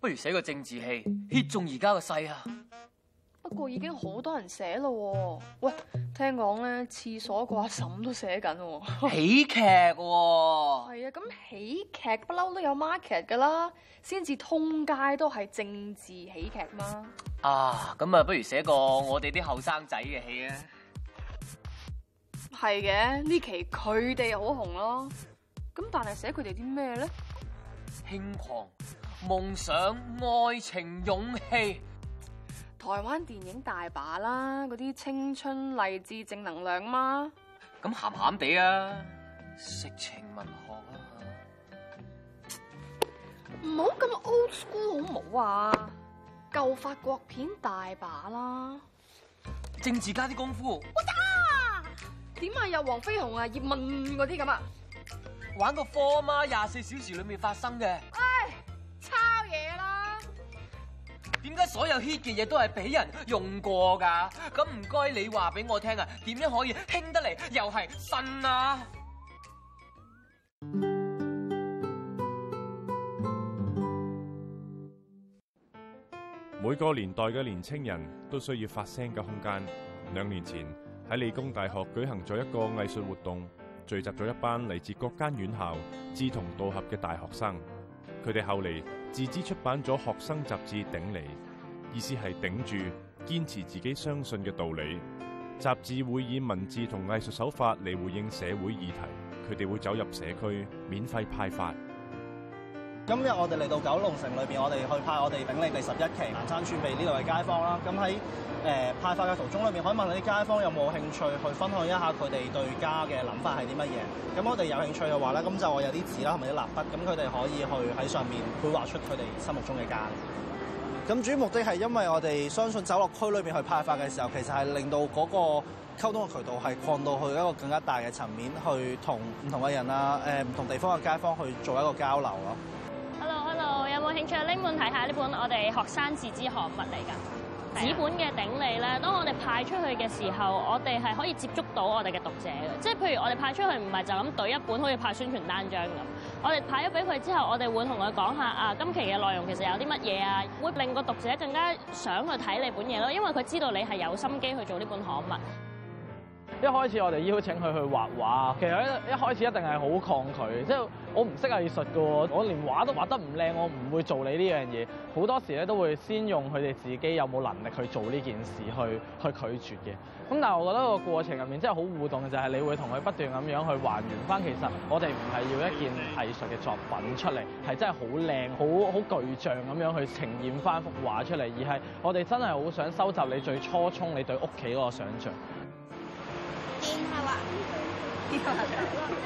不如寫個政治戲 hit 中而家個勢啊！不過已經好多人寫咯，喂，聽講咧廁所個阿嬸都寫緊喎。喜劇喎？係啊，咁喜劇不嬲都有 market 噶啦，先至通街都係政治喜劇嘛。啊，咁啊，不如寫個我哋啲後生仔嘅戲啊。係嘅，是他們呢期佢哋好紅咯。咁但係寫佢哋啲咩咧？輕狂。夢想、愛情、勇氣，台灣電影大把啦，嗰啲青春勵志正能量嘛。咁鹹鹹地啊，色情文學啊，唔好咁 old school 好唔好啊？舊法國片大把啦，政治家啲功夫。哇塞，點啊有黃飛鴻啊葉問嗰啲咁啊？玩個科啊嘛，廿四小時裏面發生嘅。點解所有 hit 嘅嘢都係俾人用過噶？咁唔該你話俾我聽啊，點樣可以輕得嚟又係新啊？每個年代嘅年青人都需要發聲嘅空間。兩年前喺理工大學舉行咗一個藝術活動，聚集咗一班嚟自各間院校志同道合嘅大學生。佢哋後嚟自資出版咗學生雜誌《頂理》，意思係頂住，堅持自己相信嘅道理。雜誌會以文字同藝術手法嚟回應社會議題，佢哋會走入社區，免費派發。今日我哋嚟到九龍城裏邊，我哋去派我哋頂理第十一期南山村 B 呢度嘅街坊啦。咁喺誒派發嘅途中裏邊，可以問下啲街坊有冇興趣去分享一下佢哋對家嘅諗法係啲乜嘢？咁我哋有興趣嘅話咧，咁就我有啲紙啦同埋啲蠟筆，咁佢哋可以去喺上面繪畫出佢哋心目中嘅家。咁主要目的係因為我哋相信走落區裏邊去派發嘅時候，其實係令到嗰個溝通嘅渠道係擴到去一個更加大嘅層面，去同唔同嘅人啦，誒、呃、唔同地方嘅街坊去做一個交流咯。有興趣拎本睇下，呢本我哋學生自資刊物嚟㗎，紙本嘅頂理呢，當我哋派出去嘅時候，我哋係可以接觸到我哋嘅讀者嘅，即係譬如我哋派出去唔係就咁懟一本，好似派宣傳單張咁。我哋派咗俾佢之後，我哋會同佢講下啊，今期嘅內容其實有啲乜嘢啊，會令個讀者更加想去睇你本嘢咯，因為佢知道你係有心機去做呢本刊物。一開始我哋邀請佢去畫畫，其實一開始一定係好抗拒，即係我唔識藝術嘅喎，我連畫都畫得唔靚，我唔會做你呢樣嘢。好多時咧都會先用佢哋自己有冇能力去做呢件事去去拒絕嘅。咁但係我覺得個過程入面真係好互動嘅就係你會同佢不斷咁樣去還原翻，其實我哋唔係要一件藝術嘅作品出嚟，係真係好靚、好好具象咁樣去呈現翻幅畫出嚟，而係我哋真係好想收集你最初衷你對屋企嗰個想像。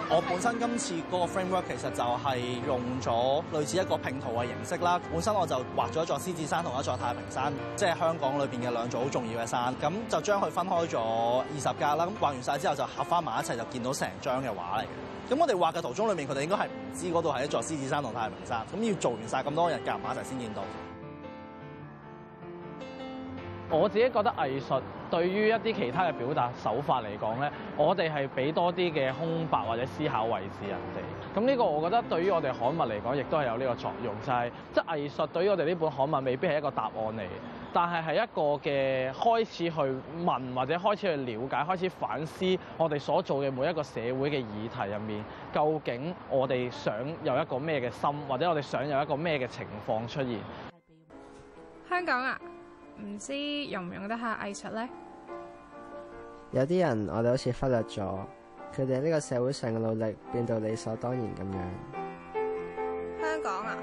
我本身今次嗰個 framework 其實就係用咗類似一個拼圖嘅形式啦。本身我就畫咗一座獅子山同一座太平山，即係香港裏面嘅兩座好重要嘅山。咁就將佢分開咗二十格啦。咁畫完晒之後就合翻埋一齊，就見到成張嘅畫嚟嘅。咁我哋畫嘅途中裏面，佢哋應該係唔知嗰度係一座獅子山同太平山。咁要做完晒咁多日夾埋一齊先見到。我自己覺得藝術對於一啲其他嘅表達手法嚟講咧，我哋係俾多啲嘅空白或者思考位置人哋。咁呢個我覺得對於我哋刊物嚟講，亦都係有呢個作用。就係即藝術對於我哋呢本刊物未必係一個答案嚟，但係係一個嘅開始去問或者開始去了解、開始反思我哋所做嘅每一個社會嘅議題入面，究竟我哋想有一個咩嘅心，或者我哋想有一個咩嘅情況出現。香港啊！唔知用唔用得下藝術咧？有啲人我哋好似忽略咗，佢哋喺呢個社會上嘅努力變到理所當然咁樣。香港啊，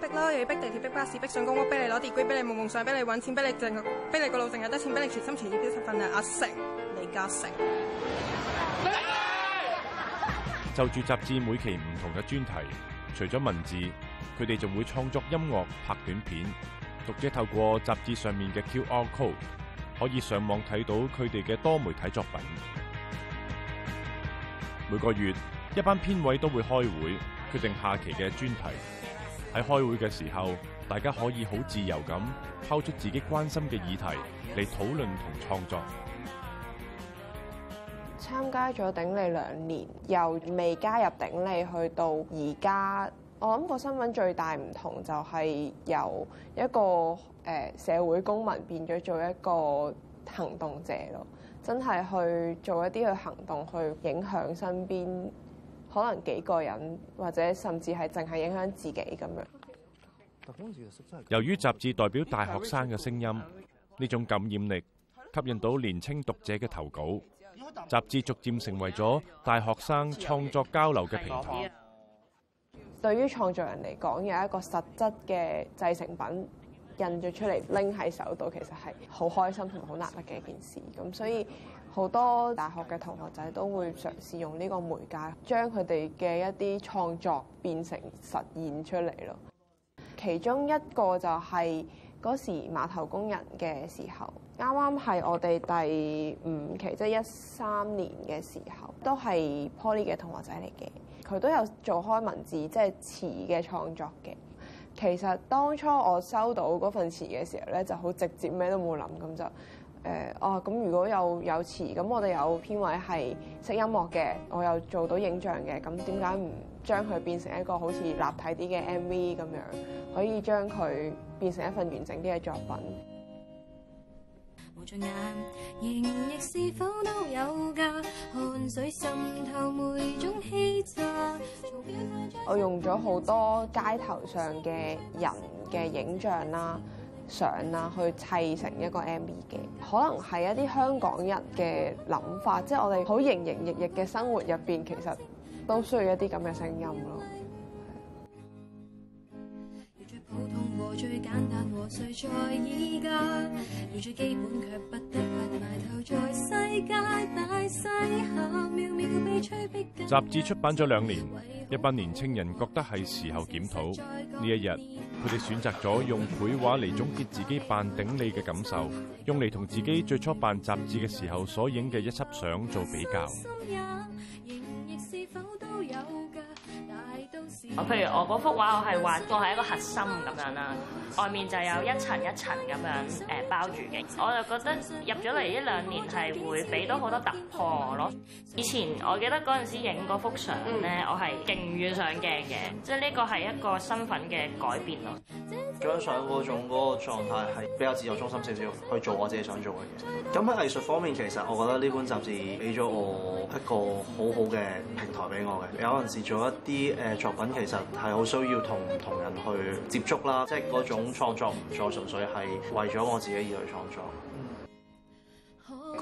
逼咯，又要逼地鐵，逼巴士，逼上公屋，逼你攞 degree，逼你冇夢想，逼你揾錢，逼你淨，逼你個老淨有得錢，逼你全心全意表七份人阿成李嘉誠。 就住雜誌每期唔同嘅專題，除咗文字，佢哋仲會創作音樂、拍短片。讀者透過雜誌上面嘅 QR code 可以上網睇到佢哋嘅多媒體作品。每個月一班編委都會開會，決定下期嘅專題。喺開會嘅時候，大家可以好自由咁拋出自己關心嘅議題嚟討論同創作。參加咗頂理兩年，由未加入頂理去到而家。我諗個身份最大唔同就係由一個誒社會公民變咗做一個行動者咯，真係去做一啲去行動，去影響身邊可能幾個人，或者甚至係淨係影響自己咁樣。由於雜誌代表大學生嘅聲音，呢種感染力吸引到年青讀者嘅投稿，雜誌逐漸成為咗大學生創作交流嘅平台。對於創造人嚟講，有一個實質嘅製成品印咗出嚟拎喺手度，其實係好開心同好難得嘅一件事。咁所以好多大學嘅同學仔都會嘗試用呢個媒介將佢哋嘅一啲創作變成實現出嚟咯。其中一個就係嗰時碼頭工人嘅時候，啱啱係我哋第五期，即係一三年嘅時候，都係 Poly 嘅同學仔嚟嘅。佢都有做開文字即係詞嘅創作嘅。其實當初我收到嗰份詞嘅時候咧，就好直接咩都冇諗，咁就誒、呃、啊咁如果有有詞咁，我哋有編委係識音樂嘅，我又做到影像嘅，咁點解唔將佢變成一個好似立體啲嘅 MV 咁樣，可以將佢變成一份完整啲嘅作品？亦是否都有㗎？汗水滲透每種氣質。我用咗好多街頭上嘅人嘅影像啦、相啦，去砌成一個 MV 嘅。可能係一啲香港人嘅諗法，即係我哋好營營役役嘅生活入邊，其實都需要一啲咁嘅聲音咯。雜誌出版咗兩年，一班年青人覺得係時候檢討呢一日，佢哋選擇咗用繪畫嚟總結自己辦頂理嘅感受，用嚟同自己最初辦雜誌嘅時候所影嘅一輯相做比較。譬如我幅畫，我係畫我係一個核心咁樣啦，外面就有一層一層咁樣誒包住嘅。我就覺得入咗嚟一兩年係會俾到好多突破咯。以前我記得嗰陣時影嗰幅相咧，我係勁唔願上鏡嘅，即係呢個係一個身份嘅改變咯。張相嗰種嗰個狀態係比較自我中心少少，去做我自己想做嘅嘢。咁喺藝術方面，其實我覺得呢本雜誌俾咗我一個好好嘅平台俾我嘅。有陣時做一啲作品，其實係好需要同唔同人去接觸啦，即係嗰種創作唔再純粹係為咗我自己而去創作。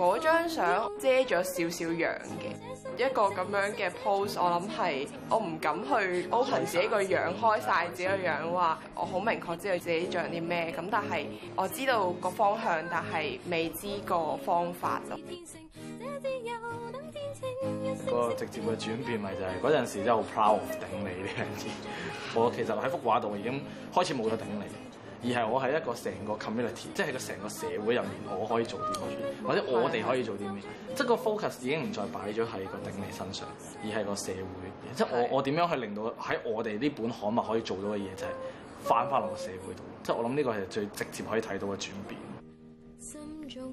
嗰張相遮咗少少樣嘅，一個咁樣嘅 pose，我諗係我唔敢去 open 自己個樣開曬自己個樣，話我好明確知道自己着啲咩，咁但係我知道個方向，但係未知個方法。嗯那個直接嘅轉變咪就係嗰陣時真係好 proud 頂你，你知我其實喺幅畫度已經開始冇得頂你。而係我喺一個成個 community，即係個成個社會入面，我可以做啲乜嘢？或者我哋可以做啲乜，即係個 focus 已經唔再擺咗喺個頂理身上，而係個社會。即係我我點樣去令到喺我哋呢本刊物可以做到嘅嘢，就係翻返落個社會度。即係我諗呢個係最直接可以睇到嘅轉變。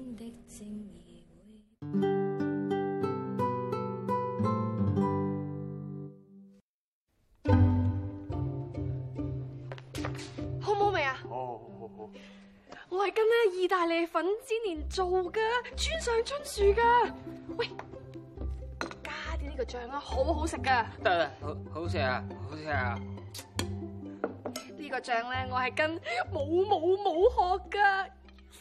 意大利粉之年做噶，村上春樹噶，喂，加啲呢個醬啦，好好食噶。得啦，好，好食啊，好食啊。呢個醬咧，我係跟冇冇冇學噶。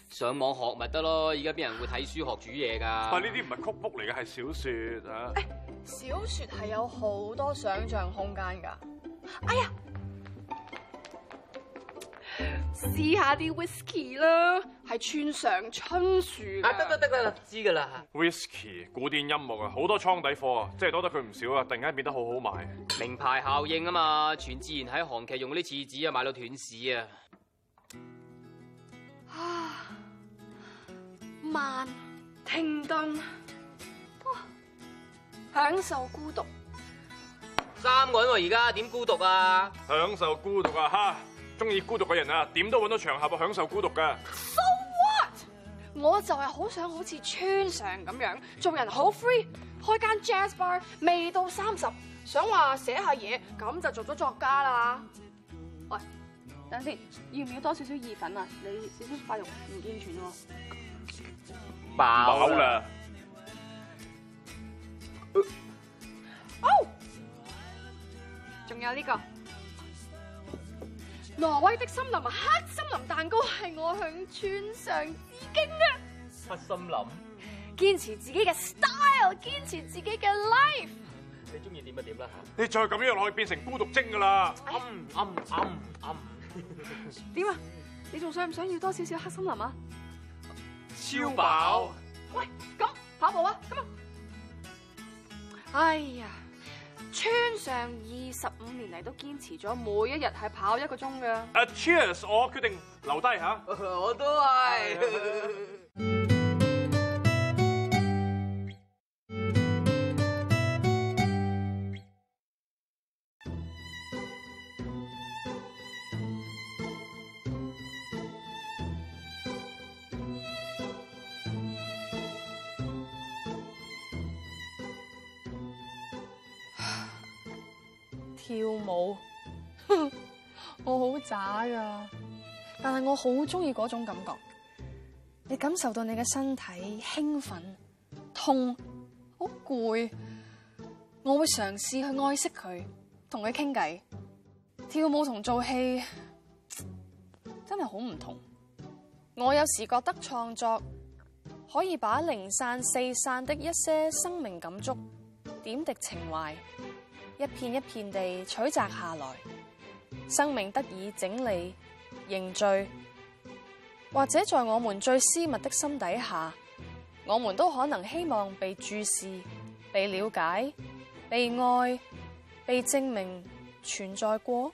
上網學咪得咯，而家邊人會睇書學煮嘢噶？哎？喂，呢啲唔係 cook book 嚟嘅，係小說啊。嗯、小說係有好多想象空間噶。哎呀！試下啲 whiskey 啦，係村上春樹啊！得得得得啦，知噶啦。whiskey 古典音樂啊，好多倉底貨啊，真係多得佢唔少啊！突然間變得好好賣，名牌效應啊嘛！全智賢喺韓劇用嗰啲廁紙啊，賣到斷市啊！啊，慢，停頓，享受孤獨。三個人喎，而家點孤獨啊？享受孤獨啊！哈！中意孤獨嘅人啊，點都搵到場合享受孤獨噶。So what？我就係好想好似村上咁樣，做人好 free，開間 jazz bar，未到三十，想話寫下嘢，咁就做咗作家啦。喂，等先，要唔要多少少意粉啊？你少少發育唔健全爆飽啦。哦，仲有呢、呢個。挪威的森林啊，黑森林蛋糕係我向村上致敬啊！黑森林，堅持自己嘅 style，堅持自己嘅 life。你中意點就點啦吓。你再咁樣落去，變成孤獨精噶啦！暗暗暗暗。點啊？你仲想唔想要多少少黑森林啊？超飽。喂，咁跑步啊！咁啊。哎呀。村上二十五年嚟都堅持咗每一日係跑一個鐘嘅。啊，Cheers！我決定留低吓，我都係。跳舞，呵呵我好渣噶，但係我好中意嗰種感覺。你感受到你嘅身體興奮、痛、好攰，我會嘗試去愛惜佢，同佢傾偈。跳舞同做戲真係好唔同。我有時覺得創作可以把零散四散的一些生命感觸點滴情懷。一片一片地取摘下來，生命得以整理、凝聚，或者在我們最私密的心底下，我們都可能希望被注視、被了解、被愛、被證明存在過。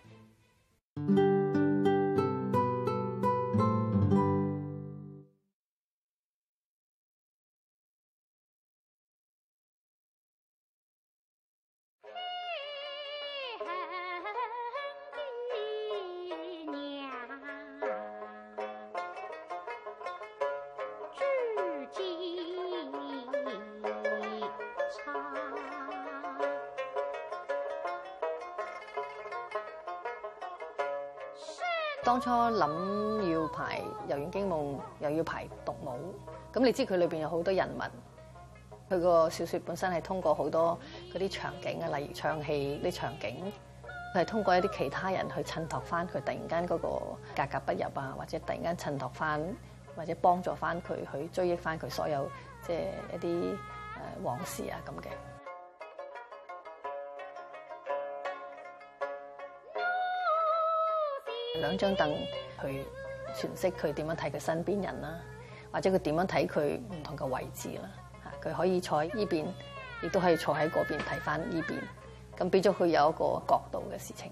當初諗要排《遊園驚夢》，又要排獨舞，咁你知佢裏邊有好多人物，佢個小説本身係通過好多嗰啲場景啊，例如唱戲啲場景，佢係通過一啲其他人去襯托翻佢突然間嗰個格格不入啊，或者突然間襯托翻，或者幫助翻佢去追憶翻佢所有即係、就是、一啲誒、呃、往事啊咁嘅。兩張凳去詮釋佢點樣睇佢身邊人啦，或者佢點樣睇佢唔同嘅位置啦。嚇，佢可以坐喺依邊，亦都可以坐喺嗰邊睇翻依邊，咁俾咗佢有一個角度嘅事情。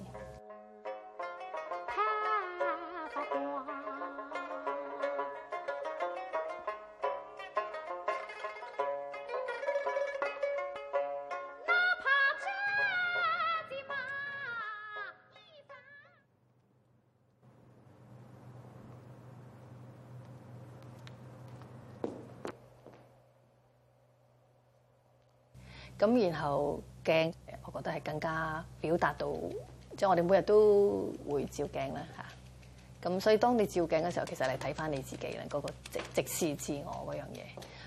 咁然後鏡，我覺得係更加表達到，即係我哋每日都會照鏡啦嚇。咁所以當你照鏡嘅時候，其實你睇翻你自己啦，嗰個直直視自我嗰樣嘢。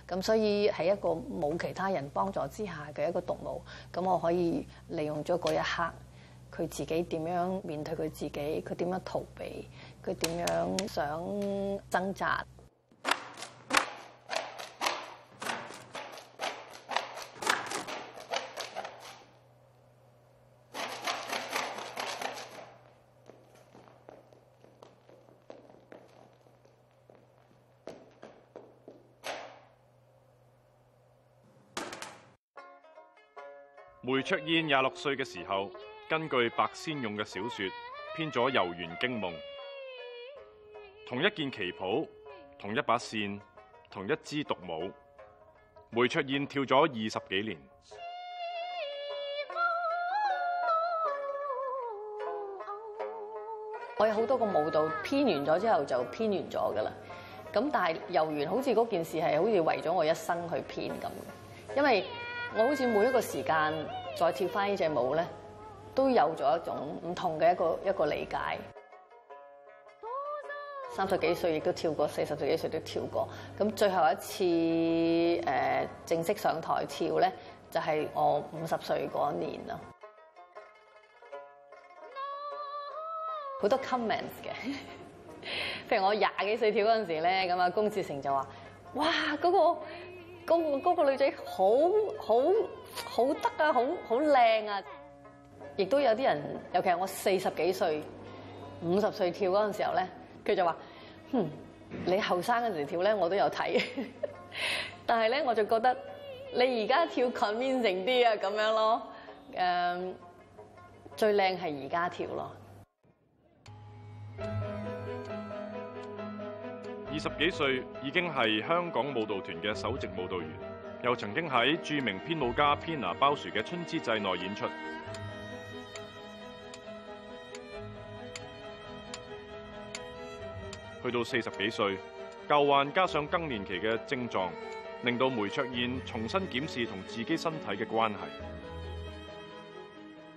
咁所以喺一個冇其他人幫助之下嘅一個獨舞，咁我可以利用咗嗰一刻，佢自己點樣面對佢自己，佢點樣逃避，佢點樣想掙扎。梅卓燕廿六歲嘅時候，根據白先勇嘅小說編咗《遊園驚夢》，同一件旗袍、同一把扇、同一支獨舞，梅卓燕跳咗二十幾年。我有好多個舞蹈編完咗之後就編完咗㗎喇，咁但係《遊園》好似嗰件事係好似為咗我一生去編咁，因為。我好似每一個時間再跳翻呢隻舞咧，都有咗一種唔同嘅一個一個理解。三十幾歲亦都跳過，四十歲幾歲都跳過。咁最後一次誒正式上台跳咧，就係我五十歲嗰年咯。好多 comments 嘅，譬如我廿幾歲跳嗰陣時咧，咁啊，龔志成就話：哇，嗰個。嗰個嗰個女仔好好好得啊，好好靚啊！亦都有啲人，尤其係我四十幾歲、五十歲跳嗰陣時候咧，佢就話：哼、嗯，你後生嗰陣時跳咧，我都有睇，但係咧我就覺得你而家跳 convincing 啲啊，咁樣咯，誒，最靚係而家跳咯。二十幾歲已經係香港舞蹈團嘅首席舞蹈員，又曾經喺著名編舞家 Pina 包殊嘅《春之祭》內演出。去到四十幾歲，舊患加上更年期嘅症狀，令到梅卓燕重新檢視同自己身體嘅關係。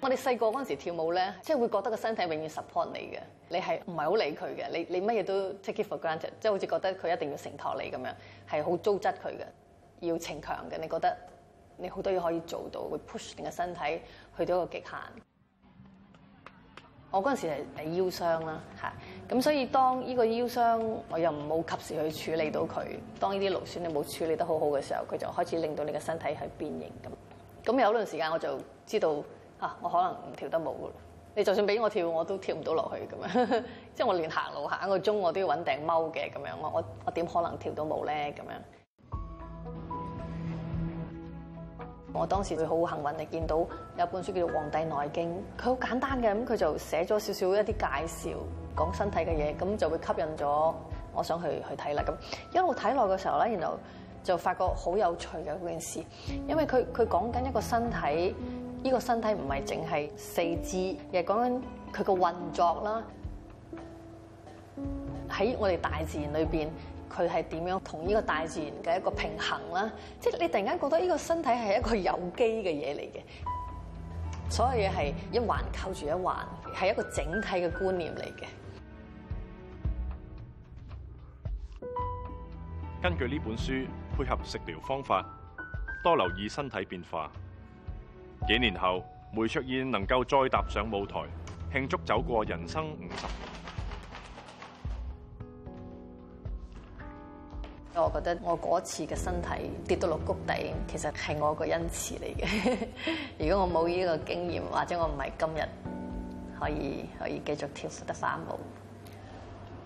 我哋細個嗰陣時跳舞咧，即係會覺得個身體永遠 support 你嘅。你係唔係好理佢嘅？你你乜嘢都 take it for granted，即係好似覺得佢一定要承托你咁樣，係好糟質佢嘅，要逞強嘅。你覺得你好多嘢可以做到，會 push 你嘅身體去到一個極限。 我嗰陣時係腰傷啦，嚇咁，所以當呢個腰傷，我又冇及時去處理到佢。當呢啲勞損你冇處理得好好嘅時候，佢就開始令到你嘅身體係變形咁。咁有一段時間我就知道。啊！我可能唔跳得舞嘅，你就算俾我跳，我都跳唔到落去咁樣。即 係我連行路行一個鐘，我都要揾頂踎嘅咁樣。我我我點可能跳到舞咧？咁樣。我當時會好幸運地見到有本書叫做《黃帝內經》，佢好簡單嘅，咁佢就寫咗少少一啲介紹，講身體嘅嘢，咁就會吸引咗我想去去睇啦。咁一路睇落嘅時候咧，然後。就發覺好有趣嘅件事，因為佢佢講緊一個身體，呢個身體唔係淨係四肢，亦係講緊佢嘅運作啦。喺我哋大自然裏邊，佢係點樣同呢個大自然嘅一個平衡啦？即係你突然間覺得呢個身體係一個有機嘅嘢嚟嘅，所有嘢係一環扣住一環，係一個整體嘅觀念嚟嘅。根據呢本書。配合食療方法，多留意身體變化。幾年後，梅卓燕能夠再踏上舞台，慶祝走過人生五十年。我覺得我嗰次嘅身體跌到落谷底，其實係我個恩賜嚟嘅。 如果我冇呢個經驗，或者我唔係今日可以可以繼續跳得返舞。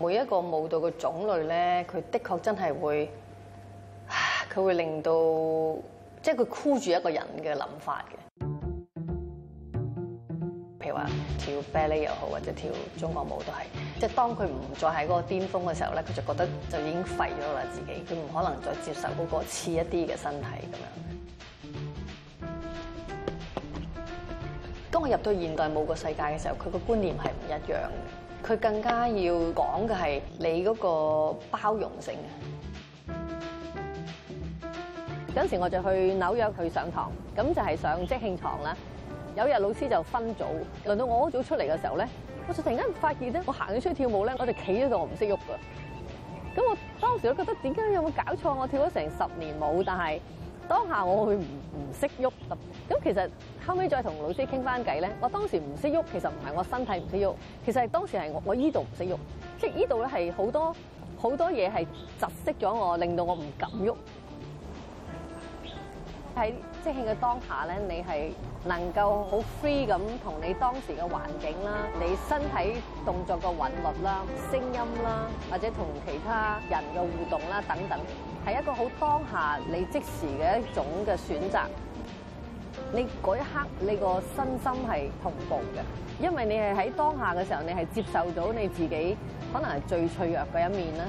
每一個舞蹈嘅種類咧，佢的確真係會。佢會令到，即係佢箍住一個人嘅諗法嘅。譬如話跳芭蕾又好，或者跳中國舞都係，即係當佢唔再喺嗰個巔峰嘅時候咧，佢就覺得就已經廢咗啦，自己，佢唔可能再接受嗰個似一啲嘅身體咁樣。當我入到現代舞個世界嘅時候，佢個觀念係唔一樣嘅，佢更加要講嘅係你嗰個包容性嘅。嗰陣時我就去紐約去上堂，咁就係上即興堂啦。有日老師就分組，輪到我嗰組出嚟嘅時候咧，我就突然間發現咧，我行咗出去跳舞咧，我就企喺度，我唔識喐噶。咁我當時我覺得點解有冇搞錯？我跳咗成十年舞，但係當下我會唔唔識喐。咁其實後尾再同老師傾翻偈咧，我當時唔識喐，其實唔係我身體唔識喐，其實係當時係我我依度唔識喐，即依度咧係好多好多嘢係窒息咗我，令到我唔敢喐。喺即興嘅當下咧，你係能夠好 free 咁同你當時嘅環境啦、你身體動作嘅韻律啦、聲音啦，或者同其他人嘅互動啦等等，係一個好當下你即時嘅一種嘅選擇。你嗰一刻你個身心係同步嘅，因為你係喺當下嘅時候，你係接受到你自己可能係最脆弱嘅一面啦。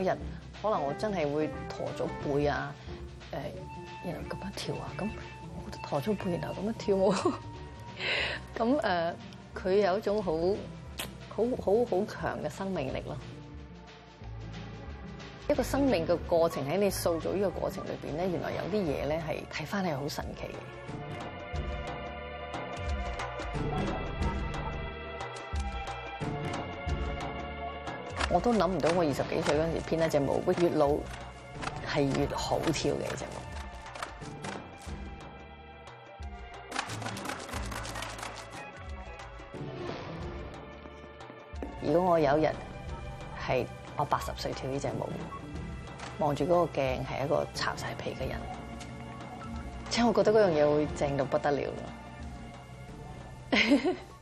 有人可能我真係會駝咗背啊，誒、呃，然後咁樣跳啊，咁我覺得駝咗背然後咁樣跳舞，咁 誒，佢、呃、有一種好好好好強嘅生命力咯。一個生命嘅過程喺你塑造呢個過程裏邊咧，原來有啲嘢咧係睇翻係好神奇嘅。我都諗唔到我二十幾歲嗰陣時編一隻舞，越老係越好跳嘅一隻舞。如果我有一日係我八十歲跳呢隻舞，望住嗰個鏡係一個擦晒皮嘅人，即係我覺得嗰樣嘢會正到不得了。